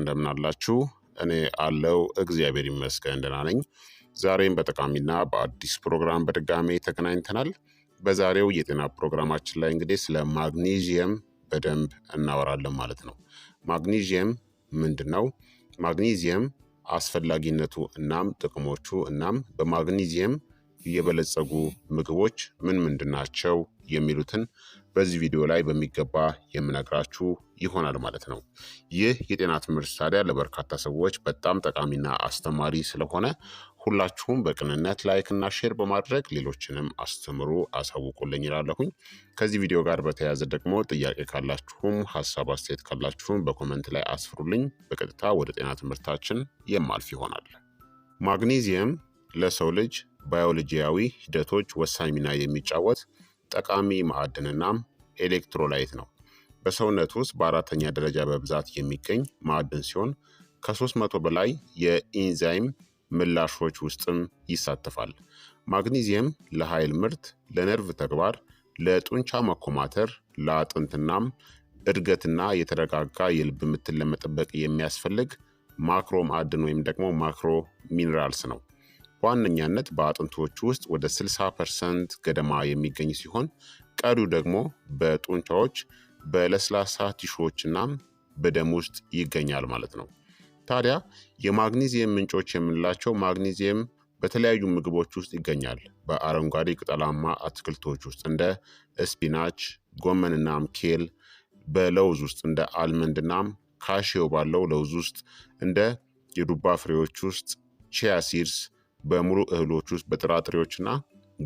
እንደምናላችሁ እኔ አለው እግዚአብሔር ይመስገን ደህና ነኝ። ዛሬም በጠቃሚና በአዲስ ፕሮግራም በድጋሜ ተገናኝተናል። በዛሬው የጤና ፕሮግራማችን ላይ እንግዲህ ስለ ማግኒዥየም በደንብ እናወራለን ማለት ነው። ማግኒዥየም ምንድን ነው? ማግኒዥየም አስፈላጊነቱ እናም ጥቅሞቹ እናም በማግኒዥየም የበለጸጉ ምግቦች ምን ምንድናቸው ናቸው የሚሉትን በዚህ ቪዲዮ ላይ በሚገባ የምነግራችሁ ይሆናል ማለት ነው። ይህ የጤና ትምህርት ታዲያ ለበርካታ ሰዎች በጣም ጠቃሚና አስተማሪ ስለሆነ ሁላችሁም በቅንነት ላይክ እና ሼር በማድረግ ሌሎችንም አስተምሩ፣ አሳውቁልኝ ይላለሁኝ። ከዚህ ቪዲዮ ጋር በተያያዘ ደግሞ ጥያቄ ካላችሁም ሀሳብ አስተያየት ካላችሁም በኮመንት ላይ አስፍሩልኝ። በቀጥታ ወደ ጤና ትምህርታችን የማልፍ ይሆናል። ማግኔዚየም ለሰው ልጅ ባዮሎጂያዊ ሂደቶች ወሳኝ ሚና የሚጫወት ጠቃሚ ማዕድንና ኤሌክትሮላይት ነው። በሰውነት ውስጥ በአራተኛ ደረጃ በብዛት የሚገኝ ማዕድን ሲሆን ከ300 በላይ የኢንዛይም ምላሾች ውስጥም ይሳተፋል። ማግኒዚየም ለኃይል ምርት፣ ለነርቭ ተግባር፣ ለጡንቻ መኮማተር፣ ለአጥንትናም እድገትና የተረጋጋ የልብ ምትን ለመጠበቅ የሚያስፈልግ ማክሮ ማዕድን ወይም ደግሞ ማክሮ ሚኔራልስ ነው። በዋነኛነት በአጥንቶቹ ውስጥ ወደ 60 ፐርሰንት ገደማ የሚገኝ ሲሆን ቀሪው ደግሞ በጡንቻዎች በለስላሳ ቲሹዎችናም በደም ውስጥ ይገኛል ማለት ነው። ታዲያ የማግኒዚየም ምንጮች የምንላቸው ማግኒዚየም በተለያዩ ምግቦች ውስጥ ይገኛል። በአረንጓዴ ቅጠላማ አትክልቶች ውስጥ እንደ ስፒናች፣ ጎመንናም ኬል፣ በለውዝ ውስጥ እንደ አልመንድናም ካሽዮ ባለው ለውዝ ውስጥ እንደ የዱባ ፍሬዎች ውስጥ ቺያ ሲድስ በሙሉ እህሎች ውስጥ በጥራጥሬዎችና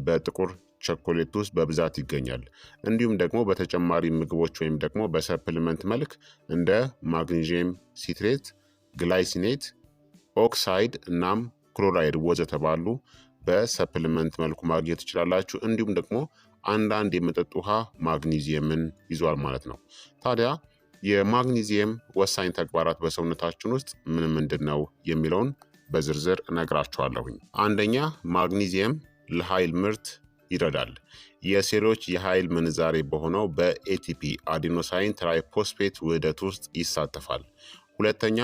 በጥቁር ቸኮሌት ውስጥ በብዛት ይገኛል። እንዲሁም ደግሞ በተጨማሪ ምግቦች ወይም ደግሞ በሰፕልመንት መልክ እንደ ማግኒዥየም ሲትሬት፣ ግላይሲኔት፣ ኦክሳይድ እናም ክሎራይድ ወዘተባሉ በሰፕልመንት መልኩ ማግኘት ትችላላችሁ። እንዲሁም ደግሞ አንዳንድ የመጠጥ ውሃ ማግኒዚየምን ይዟል ማለት ነው። ታዲያ የማግኒዚየም ወሳኝ ተግባራት በሰውነታችን ውስጥ ምን ምንድን ነው የሚለውን በዝርዝር እነግራችኋለሁኝ። አንደኛ ማግኒዚየም ለኃይል ምርት ይረዳል። የሴሎች የኃይል ምንዛሬ በሆነው በኤቲፒ አዲኖሳይን ትራይፖስፔት ውህደት ውስጥ ይሳተፋል። ሁለተኛ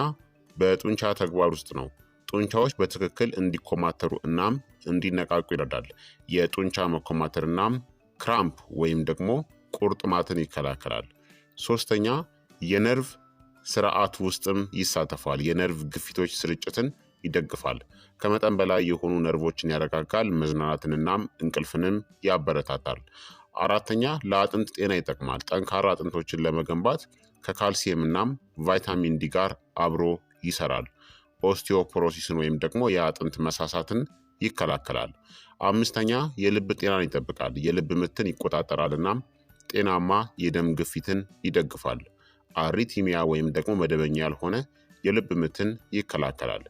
በጡንቻ ተግባር ውስጥ ነው። ጡንቻዎች በትክክል እንዲኮማተሩ እናም እንዲነቃቁ ይረዳል። የጡንቻ መኮማተር እናም ክራምፕ ወይም ደግሞ ቁርጥማትን ይከላከላል። ሶስተኛ የነርቭ ስርዓት ውስጥም ይሳተፋል። የነርቭ ግፊቶች ስርጭትን ይደግፋል። ከመጠን በላይ የሆኑ ነርቮችን ያረጋጋል፣ መዝናናትንናም እንቅልፍንም ያበረታታል። አራተኛ ለአጥንት ጤና ይጠቅማል። ጠንካራ አጥንቶችን ለመገንባት ከካልሲየምናም ቫይታሚን ዲ ጋር አብሮ ይሰራል። ኦስቲዮፖሮሲስን ወይም ደግሞ የአጥንት መሳሳትን ይከላከላል። አምስተኛ የልብ ጤናን ይጠብቃል። የልብ ምትን ይቆጣጠራል እናም ጤናማ የደም ግፊትን ይደግፋል። አሪቲሚያ ወይም ደግሞ መደበኛ ያልሆነ የልብ ምትን ይከላከላል።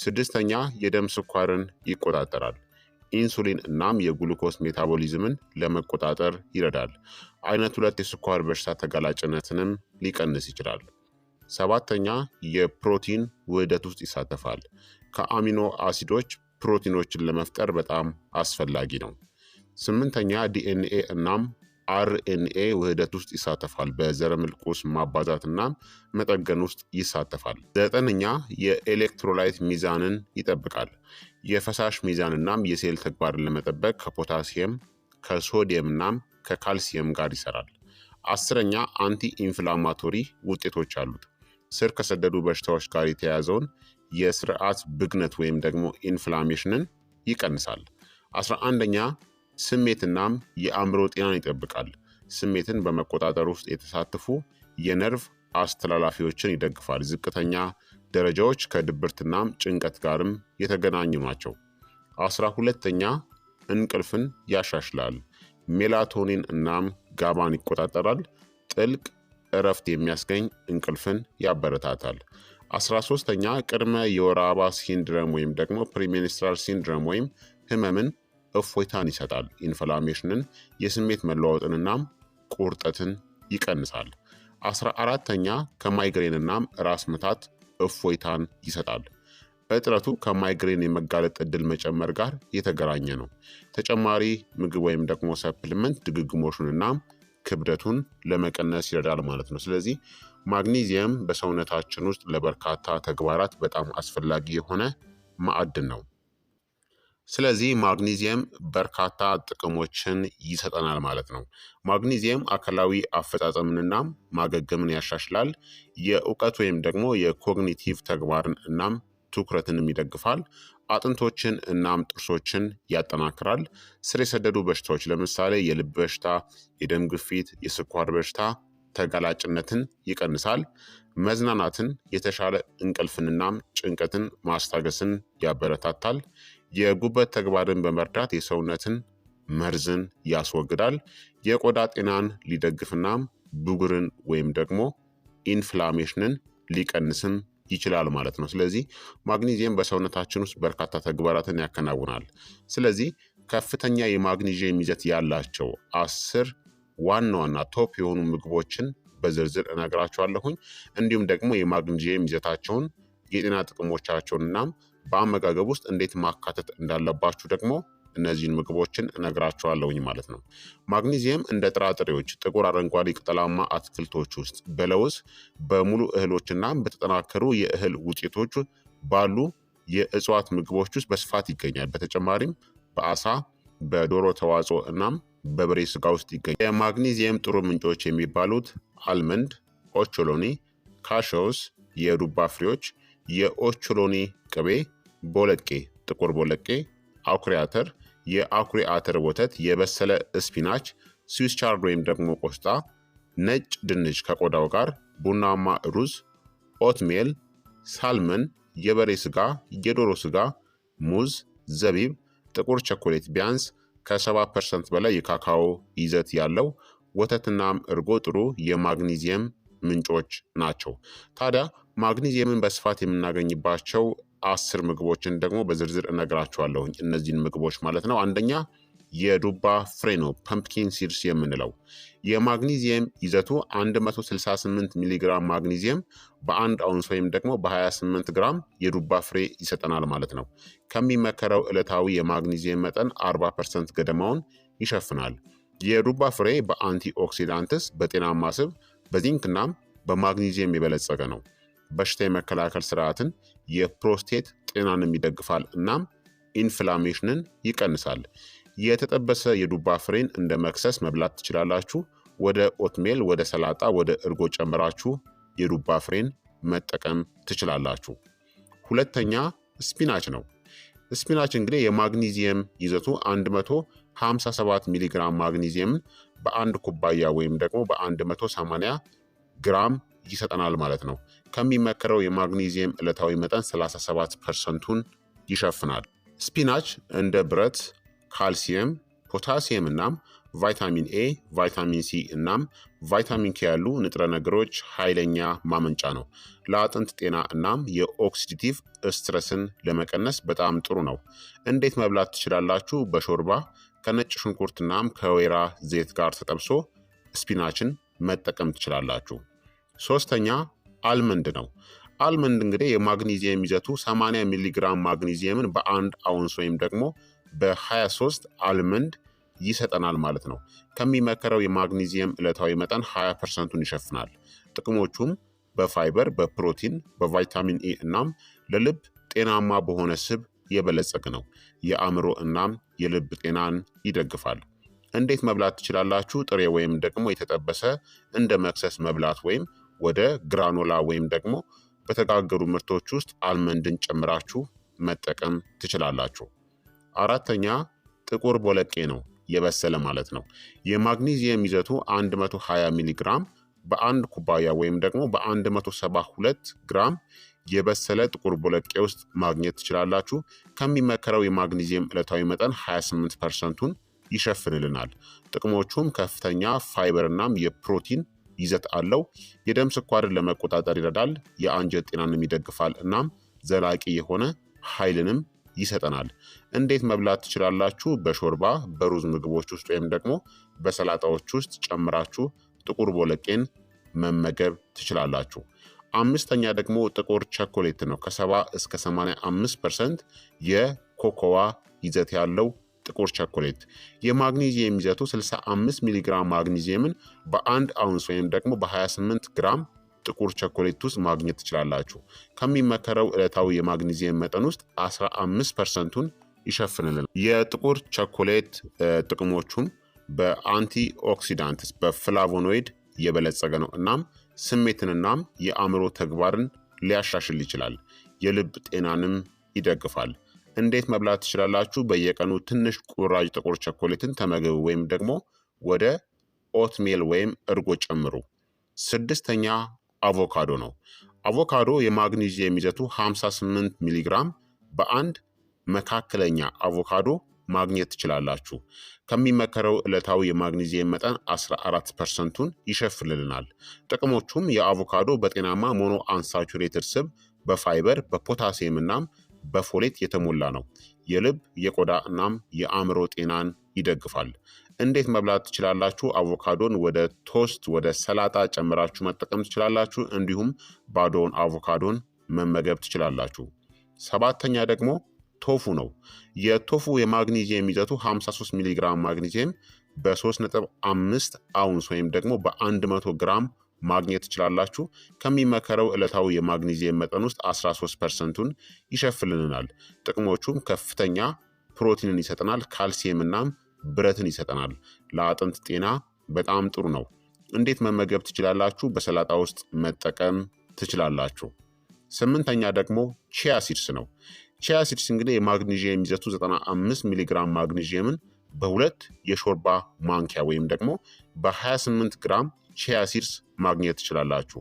ስድስተኛ የደም ስኳርን ይቆጣጠራል። ኢንሱሊን እናም የግሉኮስ ሜታቦሊዝምን ለመቆጣጠር ይረዳል። አይነት ሁለት የስኳር በሽታ ተጋላጭነትንም ሊቀንስ ይችላል። ሰባተኛ የፕሮቲን ውህደት ውስጥ ይሳተፋል። ከአሚኖ አሲዶች ፕሮቲኖችን ለመፍጠር በጣም አስፈላጊ ነው። ስምንተኛ ዲኤንኤ እናም አርኤንኤ ውህደት ውስጥ ይሳተፋል። በዘረመል ቁስ ማባዛትና መጠገን ውስጥ ይሳተፋል። ዘጠነኛ የኤሌክትሮላይት ሚዛንን ይጠብቃል። የፈሳሽ ሚዛንናም የሴል ተግባርን ለመጠበቅ ከፖታሲየም ከሶዲየምናም ከካልሲየም ጋር ይሰራል። አስረኛ አንቲ ኢንፍላማቶሪ ውጤቶች አሉት። ስር ከሰደዱ በሽታዎች ጋር የተያያዘውን የስርዓት ብግነት ወይም ደግሞ ኢንፍላሜሽንን ይቀንሳል። አስራ አንደኛ ስሜትናም የአእምሮ ጤናን ይጠብቃል። ስሜትን በመቆጣጠር ውስጥ የተሳተፉ የነርቭ አስተላላፊዎችን ይደግፋል። ዝቅተኛ ደረጃዎች ከድብርትናም ጭንቀት ጋርም የተገናኙ ናቸው። አስራ ሁለተኛ እንቅልፍን ያሻሽላል። ሜላቶኒን እናም ጋባን ይቆጣጠራል። ጥልቅ እረፍት የሚያስገኝ እንቅልፍን ያበረታታል። አስራ ሶስተኛ ቅድመ የወር አበባ ሲንድረም ወይም ደግሞ ፕሪሚኒስትራል ሲንድረም ወይም ህመምን እፎይታን ይሰጣል። ኢንፍላሜሽንን፣ የስሜት መለዋወጥንናም ቁርጠትን ይቀንሳል። አስራ አራተኛ ከማይግሬንናም ራስ ምታት እፎይታን ይሰጣል። እጥረቱ ከማይግሬን የመጋለጥ እድል መጨመር ጋር የተገናኘ ነው። ተጨማሪ ምግብ ወይም ደግሞ ሰፕልመንት ድግግሞሹንና ክብደቱን ለመቀነስ ይረዳል ማለት ነው። ስለዚህ ማግኒዚየም በሰውነታችን ውስጥ ለበርካታ ተግባራት በጣም አስፈላጊ የሆነ ማዕድን ነው። ስለዚህ ማግኒዚየም በርካታ ጥቅሞችን ይሰጠናል ማለት ነው። ማግኒዚየም አካላዊ አፈጻጸምንና ማገገምን ያሻሽላል። የእውቀት ወይም ደግሞ የኮግኒቲቭ ተግባርን እናም ትኩረትንም ይደግፋል። አጥንቶችን እናም ጥርሶችን ያጠናክራል። ስር የሰደዱ በሽታዎች ለምሳሌ የልብ በሽታ፣ የደም ግፊት፣ የስኳር በሽታ ተጋላጭነትን ይቀንሳል። መዝናናትን፣ የተሻለ እንቅልፍንናም ጭንቀትን ማስታገስን ያበረታታል። የጉበት ተግባርን በመርዳት የሰውነትን መርዝን ያስወግዳል። የቆዳ ጤናን ሊደግፍናም ብጉርን ወይም ደግሞ ኢንፍላሜሽንን ሊቀንስም ይችላል ማለት ነው። ስለዚህ ማግኒዚየም በሰውነታችን ውስጥ በርካታ ተግባራትን ያከናውናል። ስለዚህ ከፍተኛ የማግኒዚየም ይዘት ያላቸው አስር ዋና ዋና ቶፕ የሆኑ ምግቦችን በዝርዝር እነግራቸዋለሁኝ። እንዲሁም ደግሞ የማግኒዚየም ይዘታቸውን የጤና ጥቅሞቻቸውን እናም በአመጋገብ ውስጥ እንዴት ማካተት እንዳለባችሁ ደግሞ እነዚህን ምግቦችን እነግራቸዋለሁኝ ማለት ነው። ማግኒዚየም እንደ ጥራጥሬዎች፣ ጥቁር አረንጓዴ ቅጠላማ አትክልቶች ውስጥ በለውዝ በሙሉ እህሎችና በተጠናከሩ የእህል ውጤቶች ባሉ የእጽዋት ምግቦች ውስጥ በስፋት ይገኛል። በተጨማሪም በአሳ በዶሮ ተዋጽኦ እናም በበሬ ስጋ ውስጥ ይገኛል። የማግኒዚየም ጥሩ ምንጮች የሚባሉት አልመንድ፣ ኦቾሎኒ፣ ካሸውስ፣ የዱባ ፍሬዎች የኦቾሎኒ ቅቤ፣ ቦለቄ፣ ጥቁር ቦለቄ፣ አኩሪ አተር፣ የአኩሪ አተር ወተት፣ የበሰለ ስፒናች፣ ስዊስ ቻርድ ወይም ደግሞ ቆስጣ፣ ነጭ ድንች ከቆዳው ጋር፣ ቡናማ ሩዝ፣ ኦትሜል፣ ሳልመን፣ የበሬ ስጋ፣ የዶሮ ስጋ፣ ሙዝ፣ ዘቢብ፣ ጥቁር ቸኮሌት ቢያንስ ከ 7 ፐርሰንት በላይ የካካኦ ይዘት ያለው ወተትናም እርጎ ጥሩ የማግኒዚየም ምንጮች ናቸው። ታዲያ ማግኒዚየምን በስፋት የምናገኝባቸው አስር ምግቦችን ደግሞ በዝርዝር እነግራችኋለሁኝ። እነዚህን ምግቦች ማለት ነው። አንደኛ የዱባ ፍሬ ነው፣ ፐምፕኪን ሲድስ የምንለው የማግኒዚየም ይዘቱ 168 ሚሊግራም ማግኒዚየም በአንድ አውንስ ወይም ደግሞ በ28 ግራም የዱባ ፍሬ ይሰጠናል ማለት ነው። ከሚመከረው ዕለታዊ የማግኒዚየም መጠን 40 ፐርሰንት ገደማውን ይሸፍናል። የዱባ ፍሬ በአንቲኦክሲዳንትስ በጤናማ ስብ በዚንክናም በማግኒዚየም የበለጸገ ነው። በሽታ የመከላከል ስርዓትን፣ የፕሮስቴት ጤናንም ይደግፋል እናም ኢንፍላሜሽንን ይቀንሳል። የተጠበሰ የዱባ ፍሬን እንደ መክሰስ መብላት ትችላላችሁ። ወደ ኦትሜል፣ ወደ ሰላጣ፣ ወደ እርጎ ጨምራችሁ የዱባ ፍሬን መጠቀም ትችላላችሁ። ሁለተኛ ስፒናች ነው። ስፒናች እንግዲህ የማግኒዚየም ይዘቱ 157 ሚሊግራም ማግኒዚየምን በአንድ ኩባያ ወይም ደግሞ በ180 ግራም ይሰጠናል ማለት ነው። ከሚመከረው የማግኒዚየም ዕለታዊ መጠን 37 ፐርሰንቱን ይሸፍናል። ስፒናች እንደ ብረት፣ ካልሲየም፣ ፖታሲየም እናም ቫይታሚን ኤ፣ ቫይታሚን ሲ እናም ቫይታሚን ኬ ያሉ ንጥረ ነገሮች ኃይለኛ ማመንጫ ነው። ለአጥንት ጤና እናም የኦክሲዲቲቭ ስትረስን ለመቀነስ በጣም ጥሩ ነው። እንዴት መብላት ትችላላችሁ? በሾርባ ከነጭ ሽንኩርት እናም ከወይራ ዘይት ጋር ተጠብሶ ስፒናችን መጠቀም ትችላላችሁ። ሶስተኛ አልመንድ ነው። አልመንድ እንግዲህ የማግኒዚየም ይዘቱ 80 ሚሊግራም ማግኒዚየምን በአንድ አውንስ ወይም ደግሞ በ23 አልመንድ ይሰጠናል ማለት ነው። ከሚመከረው የማግኒዚየም ዕለታዊ መጠን 20 ፐርሰንቱን ይሸፍናል። ጥቅሞቹም በፋይበር፣ በፕሮቲን፣ በቫይታሚን ኤ እናም ለልብ ጤናማ በሆነ ስብ የበለጸግ ነው። የአእምሮ እናም የልብ ጤናን ይደግፋል። እንዴት መብላት ትችላላችሁ? ጥሬ ወይም ደግሞ የተጠበሰ እንደ መክሰስ መብላት ወይም ወደ ግራኖላ ወይም ደግሞ በተጋገሩ ምርቶች ውስጥ አልመንድን ጨምራችሁ መጠቀም ትችላላችሁ። አራተኛ ጥቁር ቦለቄ ነው፣ የበሰለ ማለት ነው። የማግኒዚየም ይዘቱ 120 ሚሊ ግራም በአንድ ኩባያ ወይም ደግሞ በ172 ግራም የበሰለ ጥቁር ቦለቄ ውስጥ ማግኘት ትችላላችሁ። ከሚመከረው የማግኒዚየም ዕለታዊ መጠን 28 ፐርሰንቱን ይሸፍንልናል። ጥቅሞቹም ከፍተኛ ፋይበርናም የፕሮቲን ይዘት አለው። የደም ስኳርን ለመቆጣጠር ይረዳል፣ የአንጀት ጤናንም ይደግፋል። እናም ዘላቂ የሆነ ኃይልንም ይሰጠናል። እንዴት መብላት ትችላላችሁ? በሾርባ በሩዝ ምግቦች ውስጥ ወይም ደግሞ በሰላጣዎች ውስጥ ጨምራችሁ ጥቁር ቦለቄን መመገብ ትችላላችሁ። አምስተኛ ደግሞ ጥቁር ቸኮሌት ነው። ከ70 እስከ 85 ፐርሰንት የኮኮዋ ይዘት ያለው ጥቁር ቸኮሌት የማግኒዚየም ይዘቱ 65 ሚሊግራም ማግኒዚየምን በአንድ አውንስ ወይም ደግሞ በ28 ግራም ጥቁር ቸኮሌት ውስጥ ማግኘት ትችላላችሁ። ከሚመከረው ዕለታዊ የማግኒዚየም መጠን ውስጥ 15 ፐርሰንቱን ይሸፍንልናል። የጥቁር ቸኮሌት ጥቅሞቹም በአንቲ ኦክሲዳንትስ በፍላቮኖይድ የበለጸገ ነው። እናም ስሜትንናም የአእምሮ ተግባርን ሊያሻሽል ይችላል። የልብ ጤናንም ይደግፋል። እንዴት መብላት ትችላላችሁ? በየቀኑ ትንሽ ቁራጭ ጥቁር ቸኮሌትን ተመግቡ ወይም ደግሞ ወደ ኦትሜል ወይም እርጎ ጨምሩ። ስድስተኛ አቮካዶ ነው። አቮካዶ የማግኒዚየም ይዘቱ 58 ሚሊግራም በአንድ መካከለኛ አቮካዶ ማግኘት ትችላላችሁ። ከሚመከረው ዕለታዊ የማግኒዚየም መጠን 14 ፐርሰንቱን ይሸፍልልናል። ጥቅሞቹም የአቮካዶ በጤናማ ሞኖ አንሳቹሬትድ ስብ፣ በፋይበር፣ በፖታሲየም እናም በፎሌት የተሞላ ነው። የልብ የቆዳ እናም የአእምሮ ጤናን ይደግፋል። እንዴት መብላት ትችላላችሁ? አቮካዶን ወደ ቶስት፣ ወደ ሰላጣ ጨምራችሁ መጠቀም ትችላላችሁ። እንዲሁም ባዶውን አቮካዶን መመገብ ትችላላችሁ። ሰባተኛ ደግሞ ቶፉ ነው። የቶፉ የማግኒዚየም ይዘቱ 53 ሚሊግራም ማግኒዚየም በ3.5 አውንስ ወይም ደግሞ በ100 ግራም ማግኘት ትችላላችሁ። ከሚመከረው ዕለታዊ የማግኒዚየም መጠን ውስጥ 13 ፐርሰንቱን ይሸፍልናል። ጥቅሞቹም ከፍተኛ ፕሮቲንን ይሰጠናል፣ ካልሲየምናም ብረትን ይሰጠናል። ለአጥንት ጤና በጣም ጥሩ ነው። እንዴት መመገብ ትችላላችሁ? በሰላጣ ውስጥ መጠቀም ትችላላችሁ። ስምንተኛ ደግሞ ቺያ ሲድስ ነው። ቺያ ሲድስ እንግዲህ የማግኒዥየም ይዘቱ 95 ሚሊግራም ማግኒዥየምን በሁለት የሾርባ ማንኪያ ወይም ደግሞ በ28 ግራም ቺያ ሲድስ ማግኘት ትችላላችሁ።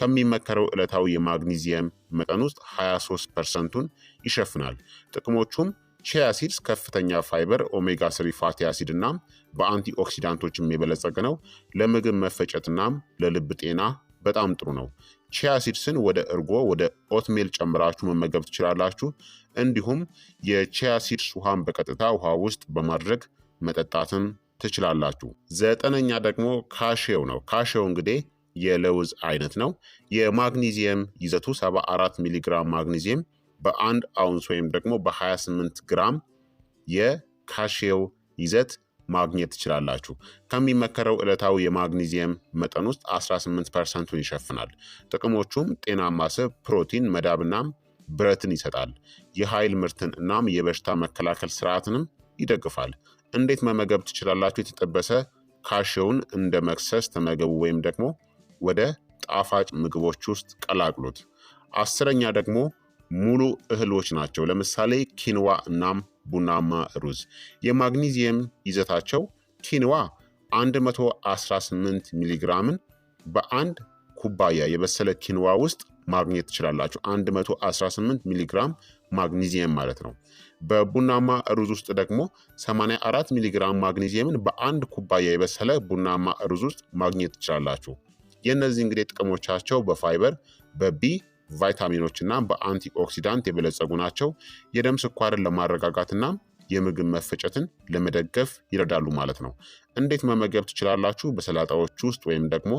ከሚመከረው ዕለታዊ የማግኒዚየም መጠን ውስጥ 23 ፐርሰንቱን ይሸፍናል። ጥቅሞቹም ቺያ ሲድስ ከፍተኛ ፋይበር፣ ኦሜጋ ስሪ ፋቲ አሲድ እናም በአንቲ ኦክሲዳንቶችም የበለጸገ ነው። ለምግብ መፈጨትናም ለልብ ጤና በጣም ጥሩ ነው። ቺያ ሲድስን ወደ እርጎ፣ ወደ ኦትሜል ጨምራችሁ መመገብ ትችላላችሁ። እንዲሁም የቺያ ሲድስ ውሃን በቀጥታ ውሃ ውስጥ በማድረግ መጠጣትን ትችላላችሁ። ዘጠነኛ ደግሞ ካሼው ነው። ካሼው እንግዲህ የለውዝ አይነት ነው። የማግኒዚየም ይዘቱ 74 ሚሊግራም ማግኒዚየም በአንድ አውንስ ወይም ደግሞ በ28 ግራም የካሽው ይዘት ማግኘት ትችላላችሁ። ከሚመከረው ዕለታዊ የማግኒዚየም መጠን ውስጥ 18 ፐርሰንቱን ይሸፍናል። ጥቅሞቹም ጤናማ ስብ፣ ፕሮቲን፣ መዳብና ብረትን ይሰጣል። የኃይል ምርትን እናም የበሽታ መከላከል ስርዓትንም ይደግፋል። እንዴት መመገብ ትችላላችሁ? የተጠበሰ ካሽውን እንደ መክሰስ ተመገቡ ወይም ደግሞ ወደ ጣፋጭ ምግቦች ውስጥ ቀላቅሉት። አስረኛ ደግሞ ሙሉ እህሎች ናቸው። ለምሳሌ ኪንዋ እናም ቡናማ ሩዝ። የማግኒዚየም ይዘታቸው ኪንዋ 118 ሚሊግራምን በአንድ ኩባያ የበሰለ ኪንዋ ውስጥ ማግኘት ትችላላችሁ። 118 ሚሊግራም ማግኒዚየም ማለት ነው። በቡናማ ሩዝ ውስጥ ደግሞ 84 ሚሊግራም ማግኒዚየምን በአንድ ኩባያ የበሰለ ቡናማ ሩዝ ውስጥ ማግኘት ትችላላችሁ። የእነዚህ እንግዲህ ጥቅሞቻቸው በፋይበር በቢ ቫይታሚኖች እና በአንቲ ኦክሲዳንት የበለጸጉ ናቸው። የደም ስኳርን ለማረጋጋትና የምግብ መፈጨትን ለመደገፍ ይረዳሉ ማለት ነው። እንዴት መመገብ ትችላላችሁ? በሰላጣዎች ውስጥ ወይም ደግሞ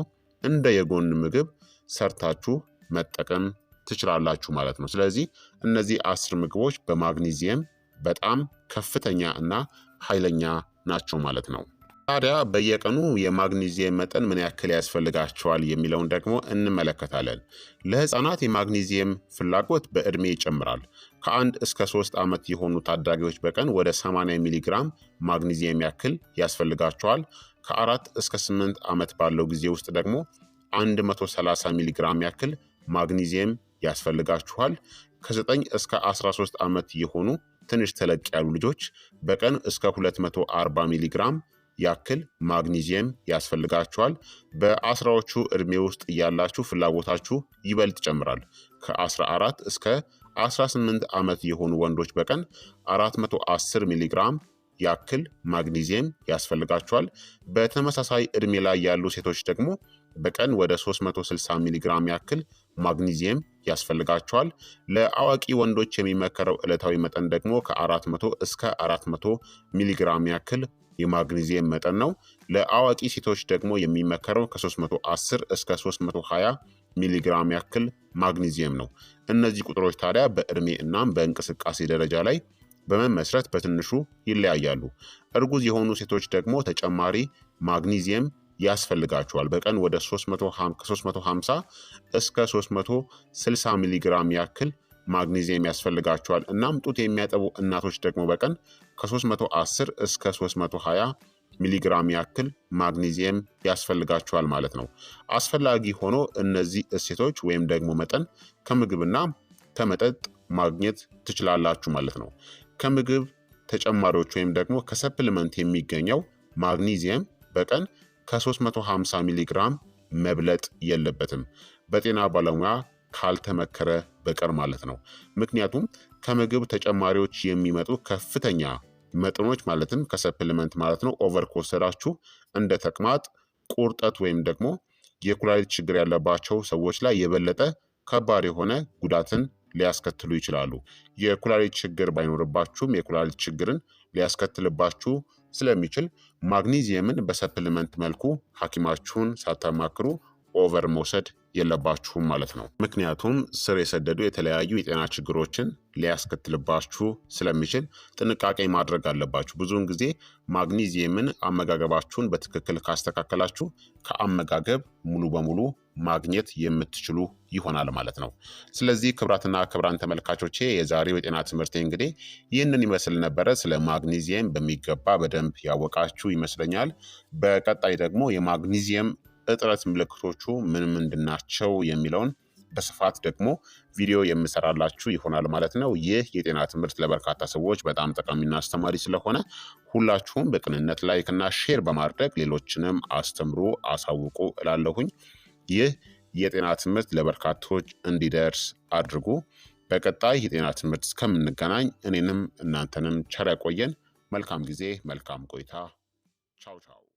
እንደ የጎን ምግብ ሰርታችሁ መጠቀም ትችላላችሁ ማለት ነው። ስለዚህ እነዚህ አስር ምግቦች በማግኒዚየም በጣም ከፍተኛ እና ኃይለኛ ናቸው ማለት ነው። ታዲያ በየቀኑ የማግኒዚየም መጠን ምን ያክል ያስፈልጋቸዋል የሚለውን ደግሞ እንመለከታለን። ለህፃናት የማግኒዚየም ፍላጎት በዕድሜ ይጨምራል። ከአንድ እስከ ሶስት ዓመት የሆኑ ታዳጊዎች በቀን ወደ 80 ሚሊግራም ማግኒዚየም ያክል ያስፈልጋቸዋል። ከአራት እስከ ስምንት ዓመት ባለው ጊዜ ውስጥ ደግሞ 130 ሚሊግራም ያክል ማግኒዚየም ያስፈልጋችኋል። ከ9 እስከ 13 ዓመት የሆኑ ትንሽ ተለቅ ያሉ ልጆች በቀን እስከ 240 ሚሊግራም ያክል ማግኒዚየም ያስፈልጋችኋል። በአስራዎቹ እድሜ ውስጥ እያላችሁ ፍላጎታችሁ ይበልጥ ይጨምራል። ከ14 እስከ 18 ዓመት የሆኑ ወንዶች በቀን 410 ሚሊግራም ያክል ማግኒዚየም ያስፈልጋቸዋል። በተመሳሳይ እድሜ ላይ ያሉ ሴቶች ደግሞ በቀን ወደ 360 ሚሊግራም ያክል ማግኒዚየም ያስፈልጋቸዋል። ለአዋቂ ወንዶች የሚመከረው ዕለታዊ መጠን ደግሞ ከ400 እስከ 400 ሚሊግራም ያክል የማግኒዚየም መጠን ነው። ለአዋቂ ሴቶች ደግሞ የሚመከረው ከ310 እስከ 320 ሚሊግራም ያክል ማግኒዚየም ነው። እነዚህ ቁጥሮች ታዲያ በእድሜ እናም በእንቅስቃሴ ደረጃ ላይ በመመስረት በትንሹ ይለያያሉ። እርጉዝ የሆኑ ሴቶች ደግሞ ተጨማሪ ማግኒዚየም ያስፈልጋቸዋል። በቀን ወደ 350 እስከ 360 ሚሊግራም ያክል ማግኒዚየም ያስፈልጋቸዋል። እናም ጡት የሚያጠቡ እናቶች ደግሞ በቀን ከ310 እስከ 320 ሚሊግራም ያክል ማግኒዚየም ያስፈልጋቸዋል ማለት ነው። አስፈላጊ ሆኖ እነዚህ እሴቶች ወይም ደግሞ መጠን ከምግብና ከመጠጥ ማግኘት ትችላላችሁ ማለት ነው። ከምግብ ተጨማሪዎች ወይም ደግሞ ከሰፕልመንት የሚገኘው ማግኒዚየም በቀን ከ350 ሚሊግራም መብለጥ የለበትም በጤና ባለሙያ ካልተመከረ በቀር ማለት ነው። ምክንያቱም ከምግብ ተጨማሪዎች የሚመጡ ከፍተኛ መጠኖች ማለትም ከሰፕልመንት ማለት ነው ኦቨር ከወሰዳችሁ እንደ ተቅማጥ፣ ቁርጠት ወይም ደግሞ የኩላሊት ችግር ያለባቸው ሰዎች ላይ የበለጠ ከባድ የሆነ ጉዳትን ሊያስከትሉ ይችላሉ። የኩላሊት ችግር ባይኖርባችሁም የኩላሊት ችግርን ሊያስከትልባችሁ ስለሚችል ማግኒዚየምን በሰፕልመንት መልኩ ሐኪማችሁን ሳታማክሩ ኦቨር መውሰድ የለባችሁም ማለት ነው። ምክንያቱም ስር የሰደዱ የተለያዩ የጤና ችግሮችን ሊያስከትልባችሁ ስለሚችል ጥንቃቄ ማድረግ አለባችሁ። ብዙውን ጊዜ ማግኒዚየምን አመጋገባችሁን በትክክል ካስተካከላችሁ ከአመጋገብ ሙሉ በሙሉ ማግኘት የምትችሉ ይሆናል ማለት ነው። ስለዚህ ክብራትና ክብራን ተመልካቾቼ የዛሬው የጤና ትምህርቴ እንግዲህ ይህንን ይመስል ነበረ። ስለ ማግኒዚየም በሚገባ በደንብ ያወቃችሁ ይመስለኛል። በቀጣይ ደግሞ የማግኒዚየም እጥረት ምልክቶቹ ምን ምንድናቸው የሚለውን በስፋት ደግሞ ቪዲዮ የምሰራላችሁ ይሆናል ማለት ነው። ይህ የጤና ትምህርት ለበርካታ ሰዎች በጣም ጠቃሚና አስተማሪ ስለሆነ ሁላችሁም በቅንነት ላይክ እና ሼር በማድረግ ሌሎችንም አስተምሩ፣ አሳውቁ እላለሁኝ። ይህ የጤና ትምህርት ለበርካቶች እንዲደርስ አድርጉ። በቀጣይ የጤና ትምህርት እስከምንገናኝ እኔንም እናንተንም ቸር ያቆየን። መልካም ጊዜ፣ መልካም ቆይታ። ቻው ቻው።